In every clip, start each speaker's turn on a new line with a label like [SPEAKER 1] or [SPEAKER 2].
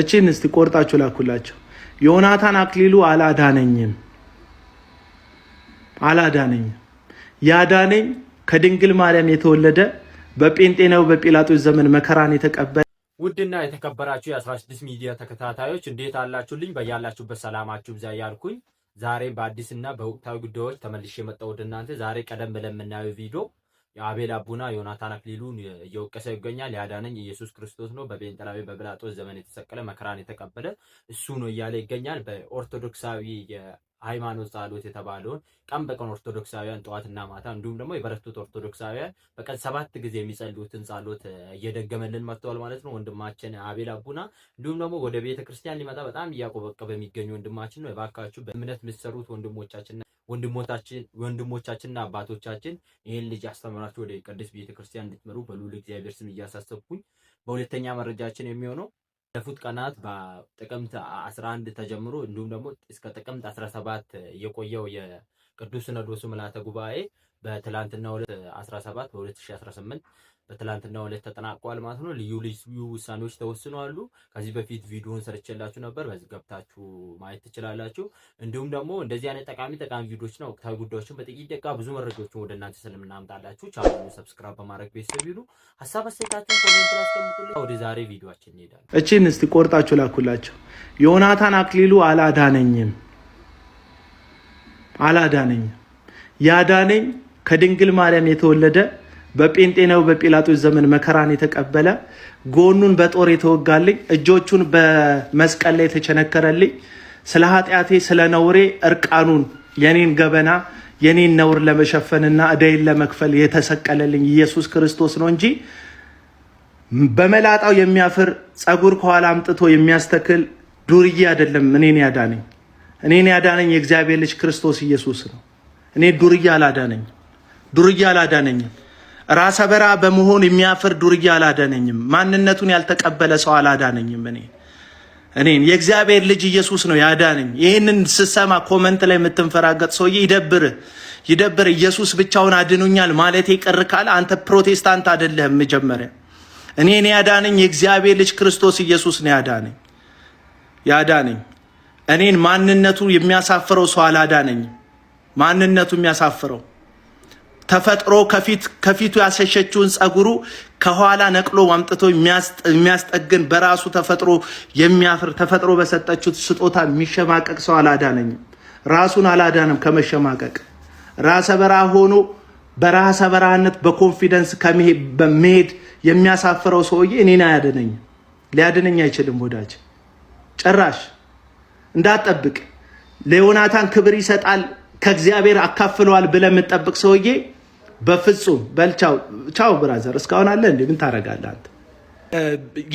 [SPEAKER 1] እችን እስቲ ቆርጣችሁ ላኩላቸው። ዮናታን አክሊሉ አላዳነኝም አላዳነኝም። ያዳነኝ ከድንግል ማርያም የተወለደ በጴንጤ ነው፣ በጲላጦስ ዘመን መከራን የተቀበለ ውድና የተከበራችሁ የ16 ሚዲያ ተከታታዮች እንዴት አላችሁልኝ? በያላችሁበት ሰላማችሁ ብዛ ያልኩኝ ዛሬ በአዲስና በወቅታዊ ጉዳዮች ተመልሼ የመጣሁ ወደ እናንተ ዛሬ ቀደም ብለን የምናየው ቪዲዮ የአቤል አቡና ዮናታን አክሊሉን እየወቀሰ ይገኛል። ያዳነኝ ኢየሱስ ክርስቶስ ነው፣ በጴንጠላዊ በብላጦስ ዘመን የተሰቀለ መከራን የተቀበለ እሱ ነው እያለ ይገኛል። በኦርቶዶክሳዊ ሃይማኖት ጸሎት የተባለውን ቀን በቀን ኦርቶዶክሳውያን ጠዋትና ማታ እንዲሁም ደግሞ የበረቱት ኦርቶዶክሳውያን በቀን ሰባት ጊዜ የሚጸልዩትን ጸሎት እየደገመልን መጥተዋል ማለት ነው። ወንድማችን አቤል አቡና እንዲሁም ደግሞ ወደ ቤተ ክርስቲያን ሊመጣ በጣም እያቆበቀበ የሚገኙ ወንድማችን ነው። የባካችሁ በእምነት የምትሰሩት ወንድሞቻችን ወንድሞቻችንና አባቶቻችን ይህን ልጅ አስተምራችሁ ወደ ቅዱስ ቤተክርስቲያን እንድትመሩ በልዑል እግዚአብሔር ስም እያሳሰብኩኝ፣ በሁለተኛ መረጃችን የሚሆነው ለፉት ቀናት በጥቅምት 11 ተጀምሮ እንዲሁም ደግሞ እስከ ጥቅምት 17 የቆየው የቅዱስ ሲኖዶሱ ምልዓተ ጉባኤ በትላንትና 17 በ2018 በትላንትናው ዕለት ተጠናቋል ማለት ነው። ልዩ ልዩ ውሳኔዎች ተወስነዋሉ። ከዚህ በፊት ቪዲዮውን ሰርቼላችሁ ነበር። በዚህ ገብታችሁ ማየት ትችላላችሁ። እንዲሁም ደግሞ እንደዚህ አይነት ጠቃሚ ጠቃሚ ነው ወቅታዊ ጉዳዮችን በጥቂት ደቂቃ ብዙ መረጃዎችን ወደ እናንተ ስለምናምጣላችሁ ቻሉ ሰብስክራይብ በማድረግ ቤተሰብ ይሉ ሀሳብ አስተያየታችሁን ኮሜንት አስቀምጡልኝ። ወደ ዛሬ ቪዲዮችን እንሄዳለን። እቺን እስቲ ቆርጣችሁ ላኩላቸው። ዮናታን አክሊሉ አላዳነኝም አላዳነኝም ያዳነኝ ከድንግል ማርያም የተወለደ በጴንጤናው በጲላጦስ ዘመን መከራን የተቀበለ ጎኑን በጦር የተወጋልኝ እጆቹን በመስቀል ላይ የተቸነከረልኝ ስለ ኃጢአቴ ስለ ነውሬ እርቃኑን የኔን ገበና የኔን ነውር ለመሸፈንና እዳይን ለመክፈል የተሰቀለልኝ ኢየሱስ ክርስቶስ ነው እንጂ በመላጣው የሚያፍር ጸጉር ከኋላ አምጥቶ የሚያስተክል ዱርዬ አይደለም። እኔን ያዳነኝ እኔን ያዳነኝ የእግዚአብሔር ልጅ ክርስቶስ ኢየሱስ ነው። እኔ ዱርዬ አላዳነኝ ዱርዬ አላዳነኝም። ራሰ በራ በመሆን የሚያፍር ዱርዬ አላዳነኝም። ማንነቱን ያልተቀበለ ሰው አላዳነኝም። እኔ እኔን የእግዚአብሔር ልጅ ኢየሱስ ነው ያዳነኝ። ይህንን ስሰማ ኮመንት ላይ የምትንፈራገጥ ሰውዬ ይደብር ይደብር። ኢየሱስ ብቻውን አድኖኛል ማለት ይቀር ካለ አንተ ፕሮቴስታንት አይደለህም። መጀመሪያ እኔን ያዳነኝ የእግዚአብሔር ልጅ ክርስቶስ ኢየሱስ ነው ያዳነኝ ያዳነኝ። እኔን ማንነቱ የሚያሳፍረው ሰው አላዳነኝም። ማንነቱ የሚያሳፍረው ተፈጥሮ ከፊቱ ያሸሸችውን ጸጉሩ ከኋላ ነቅሎ አምጥቶ የሚያስጠግን በራሱ ተፈጥሮ የሚያፍር ተፈጥሮ በሰጠችው ስጦታ የሚሸማቀቅ ሰው አላዳነኝም። ራሱን አላዳንም ከመሸማቀቅ ራሰ በራ ሆኖ በራሰ በራነት በኮንፊደንስ መሄድ የሚያሳፍረው ሰውዬ እኔን አያድነኝም። ሊያድነኝ አይችልም። ወዳጅ ጭራሽ እንዳትጠብቅ ለዮናታን ክብር ይሰጣል ከእግዚአብሔር አካፍለዋል ብለህ የምጠብቅ ሰውዬ በፍጹም በልቻው ቻው ብራዘር፣ እስካሁን አለ እንዴ? ምን ታደርጋለህ አንተ?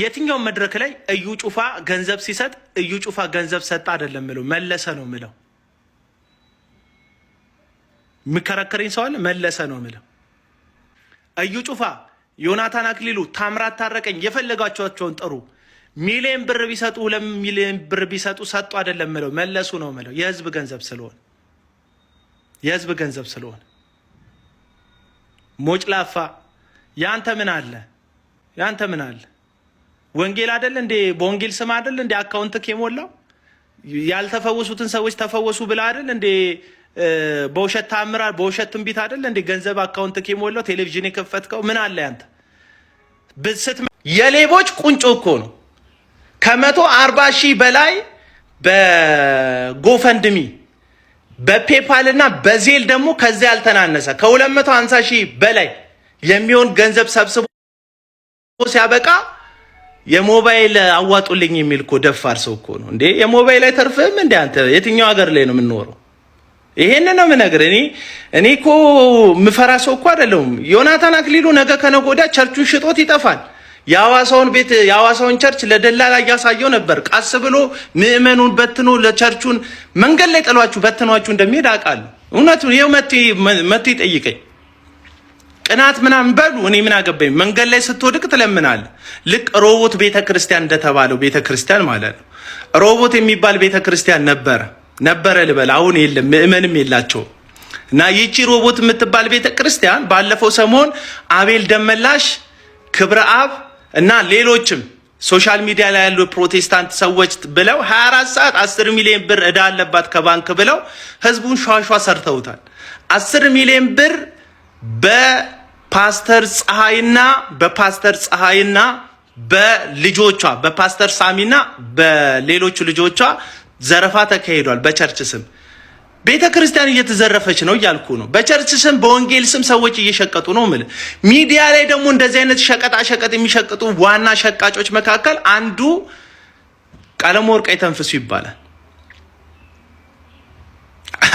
[SPEAKER 1] የትኛውን መድረክ ላይ እዩ ጩፋ ገንዘብ ሲሰጥ እዩ ጩፋ ገንዘብ ሰጠ አይደለም ምለው መለሰ ነው ምለው። የሚከራከረኝ ሰው አለ? መለሰ ነው ምለው። እዩ ጩፋ፣ ዮናታን አክሊሉ፣ ታምራት ታረቀኝ፣ የፈለጋቸዋቸውን ጥሩ ሚሊዮን ብር ቢሰጡ ሁለት ሚሊዮን ብር ቢሰጡ ሰጡ አይደለም ምለው መለሱ ነው ምለው። የህዝብ ገንዘብ ስለሆነ የህዝብ ገንዘብ ስለሆነ ሞጭ ላፋ ያንተ ምን አለ? ያንተ ምን አለ? ወንጌል አደል እንዴ? በወንጌል ስም አደል እንዴ አካውንትክ የሞላው? ያልተፈወሱትን ሰዎች ተፈወሱ ብላ አደል እንዴ? በውሸት ታምራ፣ በውሸት ትንቢት አደል እንዴ ገንዘብ አካውንትክ የሞላው? ቴሌቪዥን የከፈትከው ምን አለ ያንተ? ብስት የሌቦች ቁንጮ እኮ ነው። ከመቶ አርባ ሺህ በላይ በጎፈንድሚ በፔፓል እና በዜል ደግሞ ከዚያ ያልተናነሰ ከ250 ሺህ በላይ የሚሆን ገንዘብ ሰብስቦ ሲያበቃ የሞባይል አዋጡልኝ የሚል እኮ ደፋር ሰው እኮ ነው እንዴ! የሞባይል አይተርፍም እንዴ አንተ? የትኛው ሀገር ላይ ነው የምንኖረው? ይሄን ነው የምነግርህ። እኔ እኔ እኮ ምፈራ ሰው እኮ አይደለሁም። ዮናታን አክሊሉ ነገ ከነገ ወዲያ ቸርቹን ሽጦት ይጠፋል። የአዋሳውን ቤት የአዋሳውን ቸርች ለደላላ እያሳየው ነበር። ቀስ ብሎ ምዕመኑን በትኖ ለቸርቹን መንገድ ላይ ጥሏችሁ በትኗችሁ እንደሚሄድ አውቃለሁ። እውነቱ ይኸው መቶ ጠይቀኝ። ቅናት ምናምን በሉ እኔ ምን አገባኝ። መንገድ ላይ ስትወድቅ ትለምናል። ልክ ሮቦት ቤተ ክርስቲያን እንደተባለው ቤተ ክርስቲያን ማለት ነው። ሮቦት የሚባል ቤተ ክርስቲያን ነበረ ነበረ ልበል፣ አሁን የለም፣ ምእመንም የላቸውም። እና ይቺ ሮቦት የምትባል ቤተ ክርስቲያን ባለፈው ሰሞን አቤል ደመላሽ ክብረ አብ እና ሌሎችም ሶሻል ሚዲያ ላይ ያሉ ፕሮቴስታንት ሰዎች ብለው 24 ሰዓት 10 ሚሊዮን ብር እዳ አለባት ከባንክ ብለው ህዝቡን ሿሿ ሰርተውታል። 10 ሚሊዮን ብር በፓስተር ፀሐይና በፓስተር ፀሐይና በልጆቿ በፓስተር ሳሚና በሌሎቹ ልጆቿ ዘረፋ ተካሂዷል በቸርች ስም። ቤተ ክርስቲያን እየተዘረፈች ነው እያልኩ ነው። በቸርች ስም በወንጌል ስም ሰዎች እየሸቀጡ ነው ምል። ሚዲያ ላይ ደግሞ እንደዚህ አይነት ሸቀጣ ሸቀጥ የሚሸቅጡ ዋና ሸቃጮች መካከል አንዱ ቀለመወርቅ የተንፍሱ ይባላል።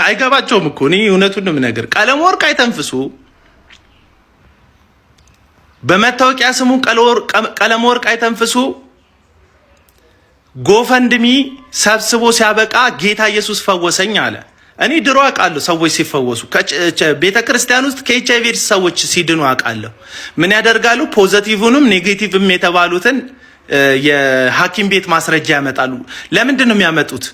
[SPEAKER 1] አይገባቸውም እኮ እኔ እውነቱንም ነገር ቀለመወርቅ አይተንፍሱ በመታወቂያ ስሙ ቀለመወርቅ አይተንፍሱ ጎፈንድሚ ሰብስቦ ሲያበቃ ጌታ ኢየሱስ ፈወሰኝ አለ። እኔ ድሮ አውቃለሁ ሰዎች ሲፈወሱ ቤተ ክርስቲያን ውስጥ ከኤች አይቪ ኤድስ ሰዎች ሲድኑ አውቃለሁ። ምን ያደርጋሉ? ፖዘቲቭንም ኔጌቲቭም የተባሉትን የሐኪም ቤት ማስረጃ ያመጣሉ። ለምንድን ነው የሚያመጡት?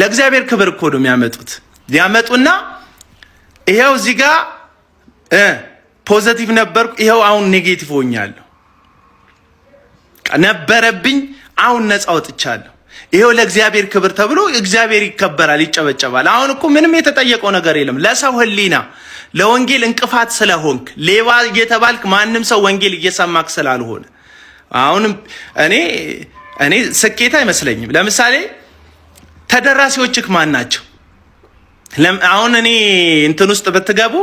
[SPEAKER 1] ለእግዚአብሔር ክብር እኮ ነው የሚያመጡት። ያመጡና ይኸው እዚህ ጋር ፖዘቲቭ ነበርኩ፣ ይኸው አሁን ኔጌቲቭ ሆኛለሁ፣ ነበረብኝ፣ አሁን ነፃ ወጥቻለሁ። ይሄው ለእግዚአብሔር ክብር ተብሎ እግዚአብሔር ይከበራል፣ ይጨበጨባል። አሁን እኮ ምንም የተጠየቀው ነገር የለም። ለሰው ህሊና ለወንጌል እንቅፋት ስለሆንክ ሌባ እየተባልክ ማንም ሰው ወንጌል እየሰማክ ስላልሆነ አሁንም እኔ እኔ ስኬት አይመስለኝም። ለምሳሌ ተደራሲዎችክ ማን ናቸው? አሁን እኔ እንትን ውስጥ ብትገቡ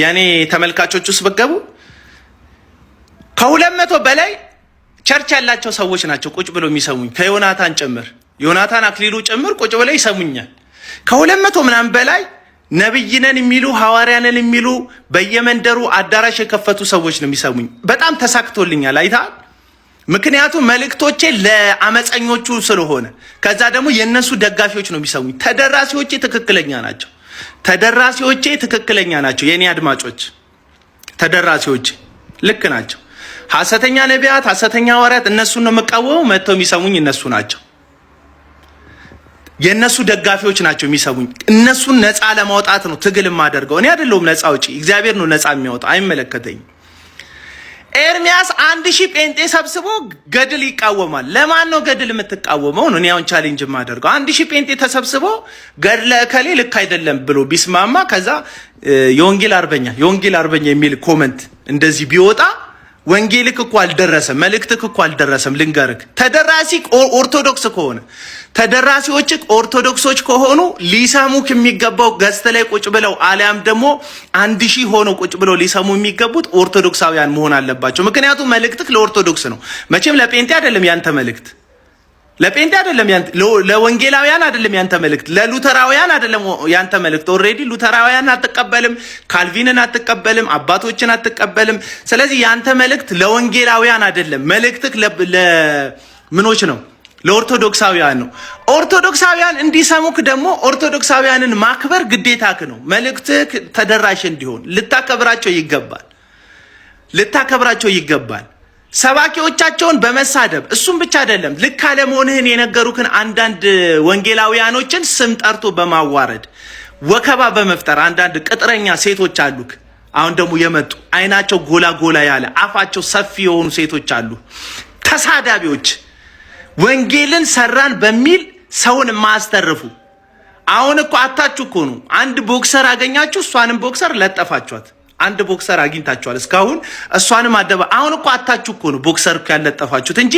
[SPEAKER 1] የእኔ ተመልካቾች ውስጥ ብትገቡ ከሁለት መቶ በላይ ቸርች ያላቸው ሰዎች ናቸው ቁጭ ብለው የሚሰሙኝ ከዮናታን ጭምር ዮናታን አክሊሉ ጭምር ቁጭ ብለው ይሰሙኛል። ከሁለት መቶ ምናምን በላይ ነብይነን የሚሉ ሐዋርያንን የሚሉ በየመንደሩ አዳራሽ የከፈቱ ሰዎች ነው የሚሰሙኝ። በጣም ተሳክቶልኛል። አይተሃል። ምክንያቱም መልእክቶቼ ለአመፀኞቹ ስለሆነ ከዛ ደግሞ የእነሱ ደጋፊዎች ነው የሚሰሙኝ። ተደራሲዎቼ ትክክለኛ ናቸው። ተደራሲዎቼ ትክክለኛ ናቸው። የእኔ አድማጮች ተደራሲዎቼ ልክ ናቸው። ሐሰተኛ ነቢያት፣ ሐሰተኛ ሐዋርያት እነሱን ነው የምቃወመው። መጥተው የሚሰሙኝ እነሱ ናቸው። የእነሱ ደጋፊዎች ናቸው የሚሰሙኝ። እነሱን ነፃ ለማውጣት ነው ትግል የማደርገው። እኔ አይደለሁም ነፃ አውጪ፣ እግዚአብሔር ነው ነፃ የሚያወጣ። አይመለከተኝም። ኤርሚያስ አንድ ሺህ ጴንጤ ሰብስቦ ገድል ይቃወማል። ለማን ነው ገድል የምትቃወመው? ነው ያውን ቻሌንጅ የማደርገው። አንድ ሺህ ጴንጤ ተሰብስቦ ገድለ እከሌ ልክ አይደለም ብሎ ቢስማማ ከዛ የወንጌል አርበኛ የወንጌል አርበኛ የሚል ኮመንት እንደዚህ ቢወጣ ወንጌልክ እኮ አልደረሰም፣ መልእክትክ እኮ አልደረሰም። ልንገርክ ተደራሲ ኦርቶዶክስ ከሆነ ተደራሲዎች ኦርቶዶክሶች ከሆኑ ሊሰሙክ የሚገባው ገዝተ ላይ ቁጭ ብለው አሊያም ደግሞ አንድ ሺህ ሆነው ቁጭ ብለው ሊሰሙ የሚገቡት ኦርቶዶክሳውያን መሆን አለባቸው። ምክንያቱም መልእክትክ ለኦርቶዶክስ ነው። መቼም ለጴንጤ አይደለም ያንተ መልእክት ለጴንጤ አይደለም፣ ለወንጌላውያን አይደለም ያንተ መልእክት፣ ለሉተራውያን አይደለም ያንተ መልእክት። ኦልሬዲ ሉተራውያን አትቀበልም፣ ካልቪንን አትቀበልም፣ አባቶችን አትቀበልም። ስለዚህ ያንተ መልእክት ለወንጌላውያን አይደለም። መልእክትህ ለምኖች ነው፣ ለኦርቶዶክሳውያን ነው። ኦርቶዶክሳውያን እንዲሰሙክ ደግሞ ኦርቶዶክሳውያንን ማክበር ግዴታክ ነው። መልእክትህ ተደራሽ እንዲሆን ልታከብራቸው ይገባል፣ ልታከብራቸው ይገባል። ሰባኪዎቻቸውን በመሳደብ እሱም ብቻ አይደለም ልክ አለመሆንህን የነገሩክን አንዳንድ ወንጌላውያኖችን ስም ጠርቶ በማዋረድ ወከባ በመፍጠር አንዳንድ ቅጥረኛ ሴቶች አሉክ። አሁን ደግሞ የመጡ አይናቸው ጎላ ጎላ ያለ አፋቸው ሰፊ የሆኑ ሴቶች አሉ። ተሳዳቢዎች ወንጌልን ሰራን በሚል ሰውን ማስተርፉ አሁን እኮ አታችሁ እኮ ነው። አንድ ቦክሰር አገኛችሁ፣ እሷንም ቦክሰር ለጠፋችኋት። አንድ ቦክሰር አግኝታችኋል። እስካሁን እሷንም አደባ አሁን እኮ አታችሁ እኮ ነው ቦክሰር እኮ ያለጠፋችሁት እንጂ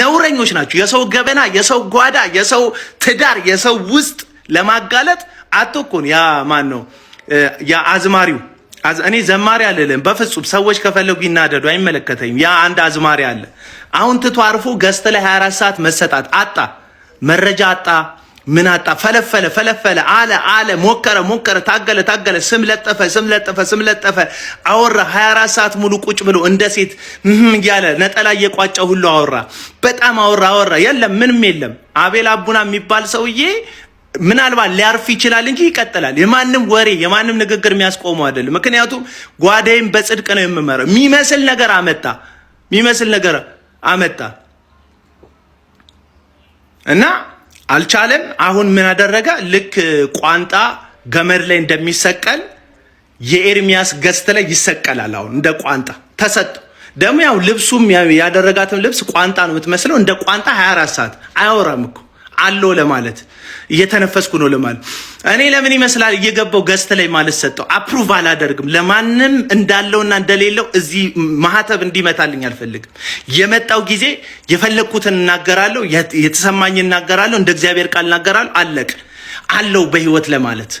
[SPEAKER 1] ነውረኞች ናችሁ። የሰው ገበና፣ የሰው ጓዳ፣ የሰው ትዳር፣ የሰው ውስጥ ለማጋለጥ አቶ እኮ ነው። ያ ማን ነው ያ አዝማሪው? እኔ ዘማሪ አልልም በፍጹም። ሰዎች ከፈለጉ ይናደዱ፣ አይመለከተኝም። ያ አንድ አዝማሪ አለ። አሁን ትቶ አርፎ ገስት ላይ 24 ሰዓት መሰጣት አጣ፣ መረጃ አጣ ምን አጣ? ፈለፈለ ፈለፈለ፣ አለ አለ፣ ሞከረ ሞከረ፣ ታገለ ታገለ፣ ስም ለጠፈ ስም ለጠፈ ስም ለጠፈ፣ አወራ 24 ሰዓት ሙሉ ቁጭ ብሎ እንደ ሴት እያለ ነጠላ እየቋጨ ሁሉ አወራ። በጣም አወራ አወራ፣ የለም ምንም የለም። አቤል አቡና የሚባል ሰውዬ ምናልባት ሊያርፍ ይችላል እንጂ ይቀጥላል። የማንም ወሬ የማንም ንግግር የሚያስቆመው አይደለም። ምክንያቱም ጓዳይም በጽድቅ ነው የምመራው። የሚመስል ነገር አመጣ የሚመስል ነገር አመጣ እና አልቻለም። አሁን ምን አደረገ? ልክ ቋንጣ ገመድ ላይ እንደሚሰቀል የኤርሚያስ ገዝት ላይ ይሰቀላል። አሁን እንደ ቋንጣ ተሰጡ። ደግሞ ያው ልብሱም ያደረጋትን ልብስ ቋንጣ ነው የምትመስለው። እንደ ቋንጣ 24 ሰዓት አያወራም እኮ አለው ለማለት እየተነፈስኩ ነው ለማለት እኔ ለምን ይመስላል እየገባው ገዝት ላይ ማለት ሰጠው አፕሩቭ አላደርግም። ለማንም እንዳለውና እንደሌለው እዚህ ማህተብ እንዲመታልኝ አልፈልግም። የመጣው ጊዜ የፈለግኩትን እናገራለሁ፣ የተሰማኝ እናገራለሁ፣ እንደ እግዚአብሔር ቃል እናገራለሁ። አለቅ አለው በህይወት ለማለት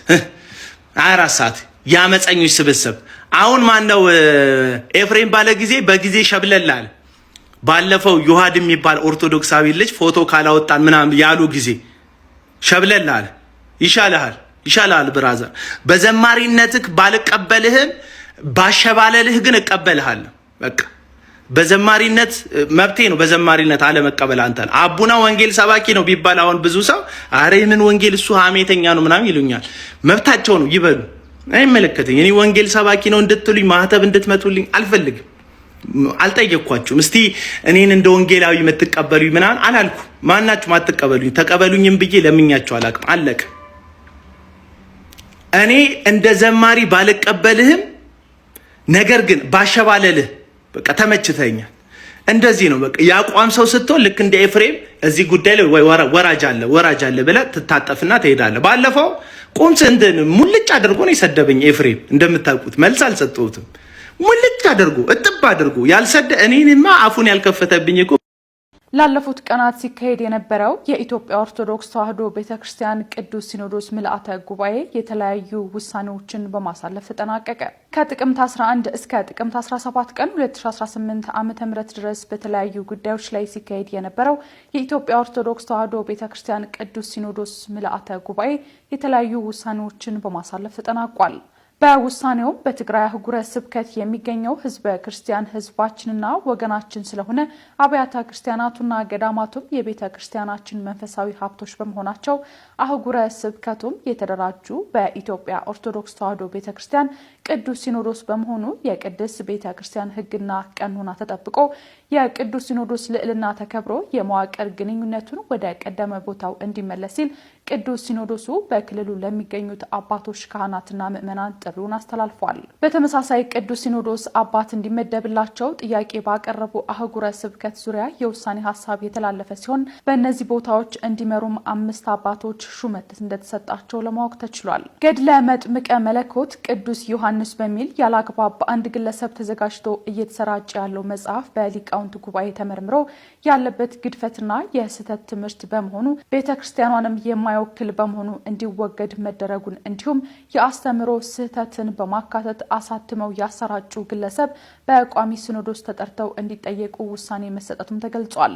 [SPEAKER 1] አራት ሰዓት የአመፀኞች ስብስብ አሁን ማነው ኤፍሬም ባለ ጊዜ በጊዜ ሸብለላል ባለፈው ዮሐድ የሚባል ኦርቶዶክሳዊ ልጅ ፎቶ ካላወጣን ምናምን ያሉ ጊዜ ሸብለል አለ። ይሻልሃል፣ ይሻልሃል ብራዘር፣ በዘማሪነትህ ባልቀበልህም ባሸባለልህ ግን እቀበልሃለሁ። በቃ በዘማሪነት መብቴ ነው። በዘማሪነት አለመቀበል አንተ አቡና ወንጌል ሰባኪ ነው ቢባል አሁን ብዙ ሰው አረ ምን ወንጌል እሱ ሀሜተኛ ነው ምናምን ይሉኛል። መብታቸው ነው ይበሉ፣ አይመለከተኝ። እኔ ወንጌል ሰባኪ ነው እንድትሉኝ ማህተብ እንድትመቱልኝ አልፈልግም። አልጠየቅኳችሁም። እስቲ እኔን እንደ ወንጌላዊ የምትቀበሉኝ ምናምን አላልኩ። ማናችሁም አትቀበሉኝ፣ ተቀበሉኝም ብዬ ለምኛችሁ አላቅም። አለቅ እኔ እንደ ዘማሪ ባልቀበልህም፣ ነገር ግን ባሸባለልህ በቃ ተመችተኛል። እንደዚህ ነው በቃ የአቋም ሰው ስትሆን ልክ እንደ ኤፍሬም እዚህ ጉዳይ ላይ ወራጅ አለ ወራጅ አለ ብለህ ትታጠፍና ትሄዳለህ። ባለፈው ቁም ስንድን ሙልጭ አድርጎ ነው የሰደበኝ ኤፍሬም። እንደምታውቁት መልስ አልሰጠሁትም። ሙልጭ አድርጎ እጥብ አድርጎ ያልሰደ እኔንማ አፉን ያልከፈተብኝ እኮ
[SPEAKER 2] ላለፉት ቀናት ሲካሄድ የነበረው የኢትዮጵያ ኦርቶዶክስ ተዋሕዶ ቤተ ክርስቲያን ቅዱስ ሲኖዶስ ምልአተ ጉባኤ የተለያዩ ውሳኔዎችን በማሳለፍ ተጠናቀቀ። ከጥቅምት 11 እስከ ጥቅምት 17 ቀን 2018 ዓ ም ድረስ በተለያዩ ጉዳዮች ላይ ሲካሄድ የነበረው የኢትዮጵያ ኦርቶዶክስ ተዋሕዶ ቤተ ክርስቲያን ቅዱስ ሲኖዶስ ምልአተ ጉባኤ የተለያዩ ውሳኔዎችን በማሳለፍ ተጠናቋል። በውሳኔውም በትግራይ አህጉረ ስብከት የሚገኘው ህዝበ ክርስቲያን ህዝባችንና ወገናችን ስለሆነ አብያተ ክርስቲያናቱና ገዳማቱም የቤተ ክርስቲያናችን መንፈሳዊ ሀብቶች በመሆናቸው አህጉረ ስብከቱም የተደራጁ በኢትዮጵያ ኦርቶዶክስ ተዋሕዶ ቤተ ክርስቲያን ቅዱስ ሲኖዶስ በመሆኑ የቅድስት ቤተ ክርስቲያን ህግና ቀኖና ተጠብቆ የቅዱስ ሲኖዶስ ልዕልና ተከብሮ የመዋቅር ግንኙነቱን ወደ ቀደመ ቦታው እንዲመለስ ሲል ቅዱስ ሲኖዶሱ በክልሉ ለሚገኙት አባቶች ካህናትና ምዕመናን ጥሪውን አስተላልፏል። በተመሳሳይ ቅዱስ ሲኖዶስ አባት እንዲመደብላቸው ጥያቄ ባቀረቡ አህጉረ ስብከት ዙሪያ የውሳኔ ሀሳብ የተላለፈ ሲሆን በእነዚህ ቦታዎች እንዲመሩም አምስት አባቶች ሹመት እንደተሰጣቸው ለማወቅ ተችሏል። ገድለ መጥምቀ መለኮት ቅዱስ ዮሐንስ በሚል ያለአግባብ በአንድ ግለሰብ ተዘጋጅቶ እየተሰራጨ ያለው መጽሐፍ በሊቀ ሊቃውንት ጉባኤ ተመርምሮ ያለበት ግድፈትና የስህተት ትምህርት በመሆኑ ቤተ ክርስቲያኗንም የማይወክል በመሆኑ እንዲወገድ መደረጉን እንዲሁም የአስተምህሮ ስህተትን በማካተት አሳትመው ያሰራጩ ግለሰብ በቋሚ ሲኖዶስ ተጠርተው እንዲጠየቁ ውሳኔ መሰጠቱም ተገልጿል።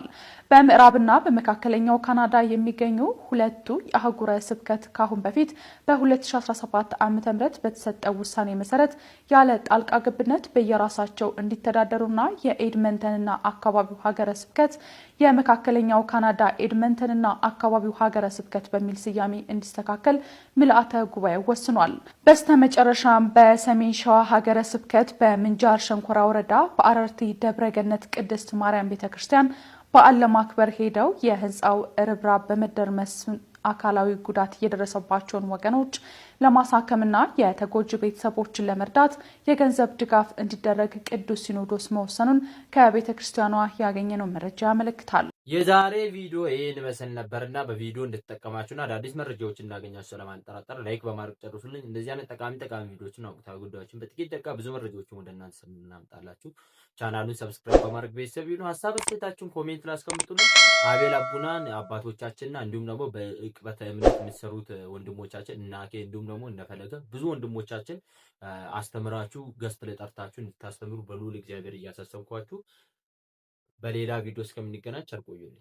[SPEAKER 2] በምዕራብና በመካከለኛው ካናዳ የሚገኙ ሁለቱ የአህጉረ ስብከት ካሁን በፊት በ2017 ዓ.ም በተሰጠው ውሳኔ መሰረት ያለ ጣልቃ ግብነት በየራሳቸው እንዲተዳደሩና የኤድመንተንና ኤድመንተንና አካባቢው ሀገረ ስብከት የመካከለኛው ካናዳ ኤድመንተንና አካባቢው ሀገረ ስብከት በሚል ስያሜ እንዲስተካከል ምልአተ ጉባኤ ወስኗል። በስተ መጨረሻም በሰሜን ሸዋ ሀገረ ስብከት በምንጃር ሸንኮራ ወረዳ በአረርቲ ደብረገነት ቅድስት ማርያም ቤተክርስቲያን በዓል ለማክበር ሄደው የህንፃው ርብራብ በመደርመስ አካላዊ ጉዳት የደረሰባቸውን ወገኖች ለማሳከምና የተጎጂ ቤተሰቦችን ለመርዳት የገንዘብ ድጋፍ እንዲደረግ ቅዱስ ሲኖዶስ መወሰኑን ከቤተ ክርስቲያኗ ያገኘነው መረጃ ያመለክታል።
[SPEAKER 1] የዛሬ ቪዲዮ ይሄን መስል ነበርና በቪዲዮ እንድትጠቀማችሁና አዳዲስ መረጃዎች እንዳገኛችሁ ስለማንጠራጠር ላይክ በማድረግ ጨርሱልኝ። እንደዚህ አይነት ጠቃሚ ጠቃሚ ቪዲዮዎችን አውቅታዊ ጉዳዮችን በጥቂት ደቂቃ ብዙ መረጃዎችን ወደ እናንተ ስናምጣላችሁ ቻናሉን ሰብስክራይብ በማድረግ ቤተሰብ ይሁኑ። ሀሳብ አስተያየታችሁን ኮሜንት ላይ አስቀምጡልን። አቤል አቡናን አባቶቻችንና እንዲሁም ደግሞ በእቅበተ እምነት የሚሰሩት ወንድሞቻችን እናኬ እንዲሁም ደግሞ እነፈለገ ብዙ ወንድሞቻችን አስተምራችሁ ገስት ላይ ጠርታችሁ እንድታስተምሩ በልዑል እግዚአብሔር እያሳሰብኳችሁ በሌላ ቪዲዮ እስከምንገናኝ ቸር ቆዩልኝ።